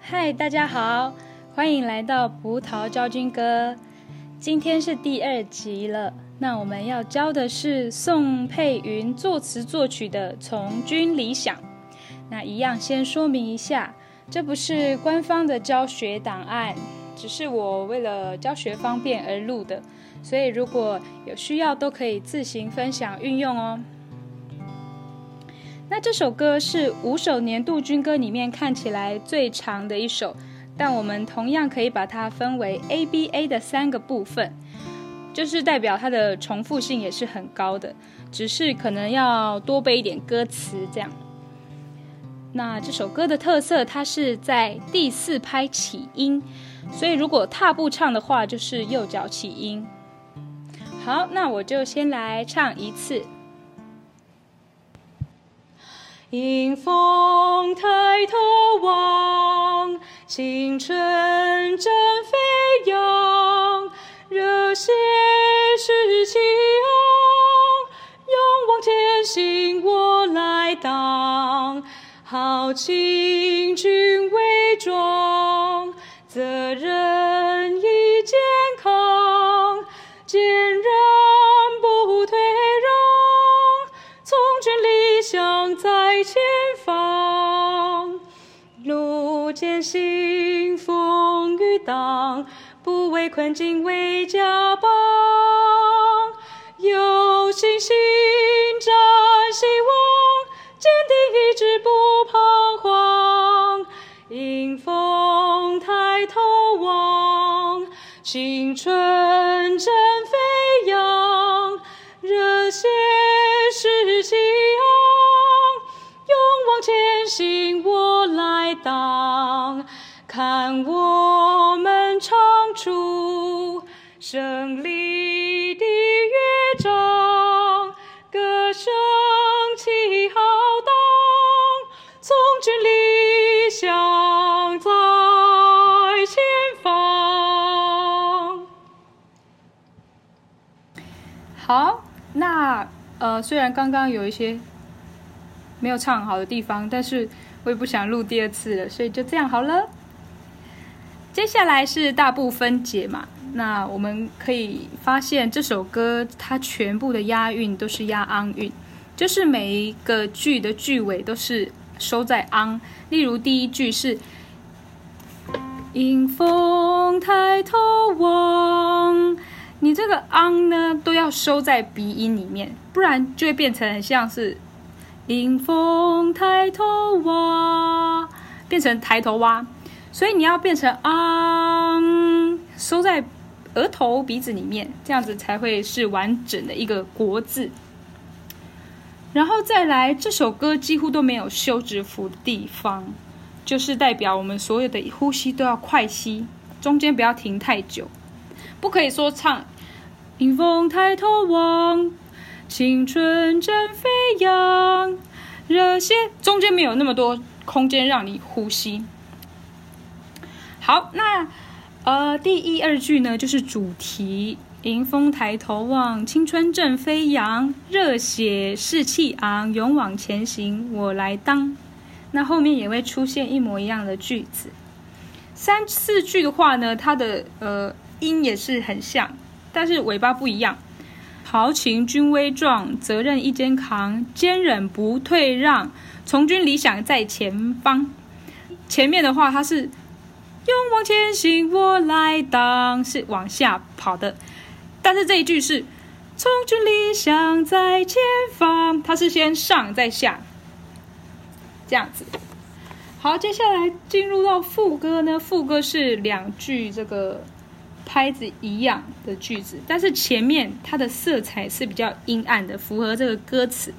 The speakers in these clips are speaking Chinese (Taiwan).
嗨，Hi, 大家好，歡迎來到《葡萄教軍歌》。今天是第二集了，那我們要教的是宋佩雲作詞作曲的《從軍理想》。那一樣先說明一下，這不是官方的教學檔案。只是我為了教學方便而錄的，所以如果有需要都可以自行分享運用哦。那這首歌是五首年度軍歌裡面看起來最長的一首，但我們同樣可以把它分為 ABA 的三個部分，就是代表它的重複性也是很高的，只是可能要多背一點歌詞這樣。那這首歌的特色，它是在第四拍起音，所以如果踏步唱的話，就是右腳起音。好，那我就先來唱一次。迎風抬頭望，青春正飛揚，熱血是情。請軍威壯，責任以肩扛，堅韌不退讓，從軍理想在前方。路艱辛，風雨擋，不畏困境為家。青春正飛揚，熱血士氣昂，勇往前行我來當，看我們唱出勝利。好，那呃，雖然剛剛有一些沒有唱好的地方，但是我也不想錄第二次了，所以就這樣好了。接下來是大部分解嘛，那我們可以發現這首歌它全部的押韻都是押昂韻，就是每一個句的句尾都是收在昂，例如第一句是迎風抬頭望。你這個昂呢，都要收在鼻音裡面，不然就會變成很像是迎風抬頭蛙，變成抬頭蛙。所以你要變成昂，收在額頭鼻子裡面，這樣子才會是完整的一個國字。然後再來，這首歌幾乎都沒有休止符的地方，就是代表我們所有的呼吸都要快吸，中間不要停太久，不可以說唱。迎風抬頭望，青春正飛揚，熱血，中間沒有那麼多空間讓你呼吸。好，那呃第一二句呢就是主題：迎風抬頭望，青春正飛揚，熱血士氣昂，勇往前行，我來當。那後面也會出現一模一樣的句子。三四句的話呢，它的呃音也是很像。但是尾巴不一樣，豪情軍威壯，責任一肩扛，堅忍不退讓，從軍理想在前方。前面的話，它是勇往前行，我來當，是往下跑的。但是這一句是，從軍理想在前方，它是先上再下，這樣子。好，接下來進入到副歌呢，副歌是兩句這個。拍子一樣的句子，但是前面它的色彩是比較陰暗的，符合這個歌詞，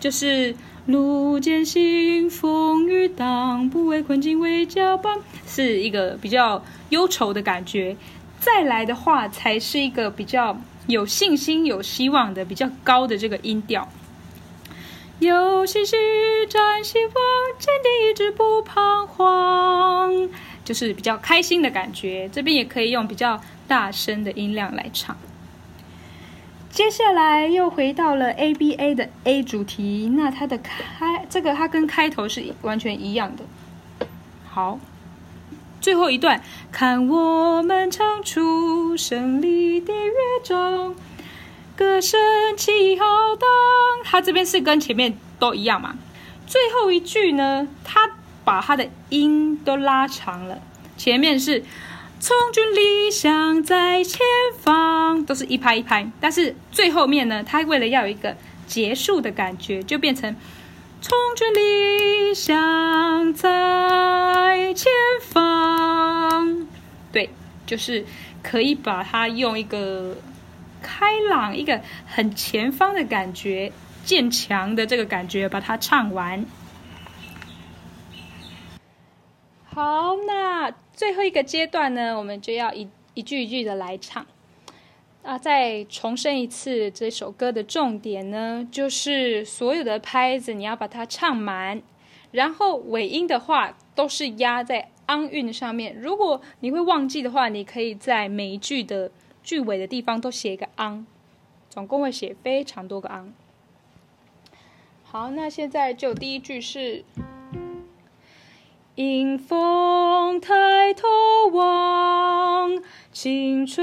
就是路艱辛風雨擋，不畏困境為家邦，是一個比較憂愁的感覺。再來的話才是一個比較有信心、有希望的、比較高的這個音調，有信心戰勝我，堅定意志不彷徨。就是比較開心的感覺，這邊也可以用比較大聲的音量來唱。接下來又回到了 ABA 的 A 主題，那它的開這個它跟開頭是完全一樣的。好，最後一段，看我們唱出勝利的樂章，歌聲氣勢浩蕩。它這邊是跟前面都一樣嘛？最後一句呢？它。把它的音都拉長了，前面是“從軍理想在前方”，都是一拍一拍，但是最後面呢，它為了要有一個結束的感覺，就變成“從軍理想在前方”。對，就是可以把它用一個開朗、一個很前方的感覺、漸強的這個感覺把它唱完。好，那最後一個階段呢，我們就要一一句一句的來唱。啊，再重申一次，這首歌的重點呢，就是所有的拍子你要把它唱滿，然後尾音的話都是壓在昂韻上面。如果你會忘記的話，你可以在每一句的句尾的地方都寫一個昂，總共會寫非常多個昂。好，那現在就第一句是。迎風抬頭望，青春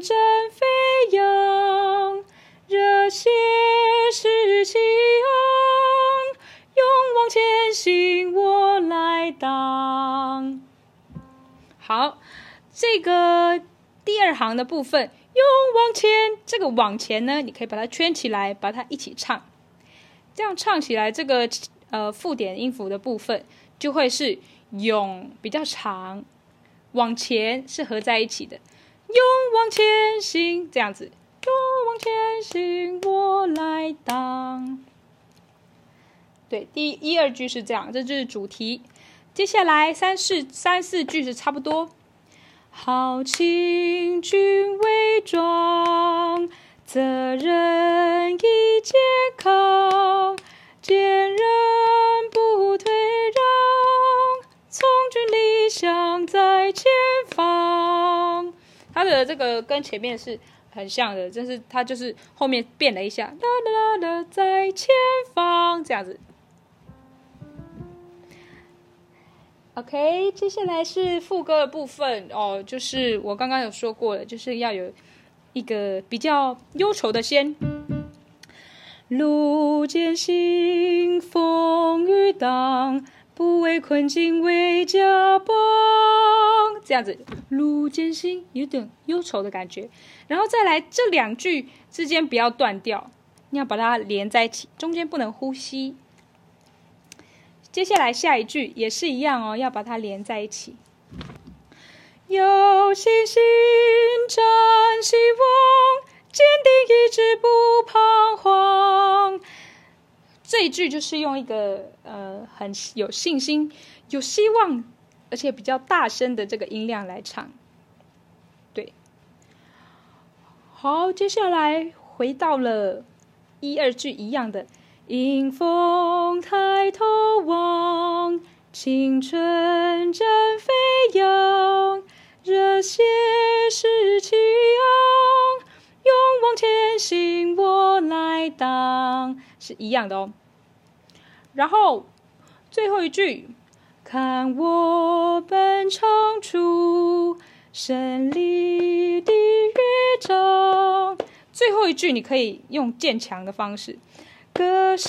正飛揚，熱血是激昂，勇往前行我來擋。好，這個第二行的部分“勇往前”，這個“往前”呢，你可以把它圈起來，把它一起唱，這樣唱起來，這個呃附點音符的部分。就會是勇比較長，往前，是合在一起的，勇往前行這樣子，勇往前行我來擋。對，第一,一二句是這樣，這就是主題。接下來三四三四句是差不多，豪情軍威壯，責任一肩扛。這個跟前面是很像的，就是它就是後面變了一下，啦啦啦在前方這樣子。OK，接下來是副歌的部分哦，就是我剛剛有說過了，就是要有，一個比較憂愁的先。路艱辛，風雨擋。不畏困境為家邦，這樣子路艱辛，有點憂愁的感覺。然後再來這兩句之間不要斷掉，你要把它連在一起，中間不能呼吸。接下來下一句也是一樣哦，要把它連在一起。有信心，展希望，堅定意志不彷徨。這一句就是用一個呃很有信心、有希望，而且比較大聲的這個音量來唱。對，好，接下來回到了一二句一樣的，迎 風抬頭望，青春正飛揚，熱血是氣昂。天心我來擋，是一樣的哦，然後最後一句，看我本唱出勝利的樂章。最後一句你可以用漸強的方式，歌聲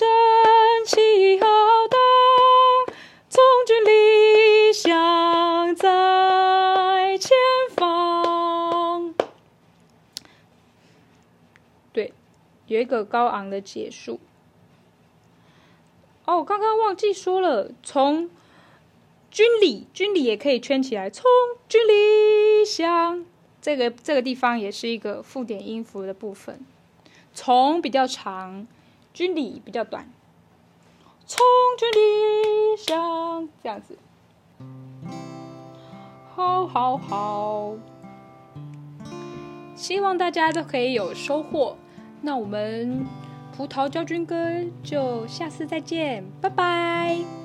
起浩蕩。有一個高昂的結束。哦，剛剛忘記說了，從軍理，軍理也可以圈起來。從軍理想，這個這個地方也是一個附點音符的部分。從比較長，軍理比較短。從軍理想，這樣子。好，好，好。希望大家都可以有收穫。那我們葡萄膠軍歌就下次再見，拜拜。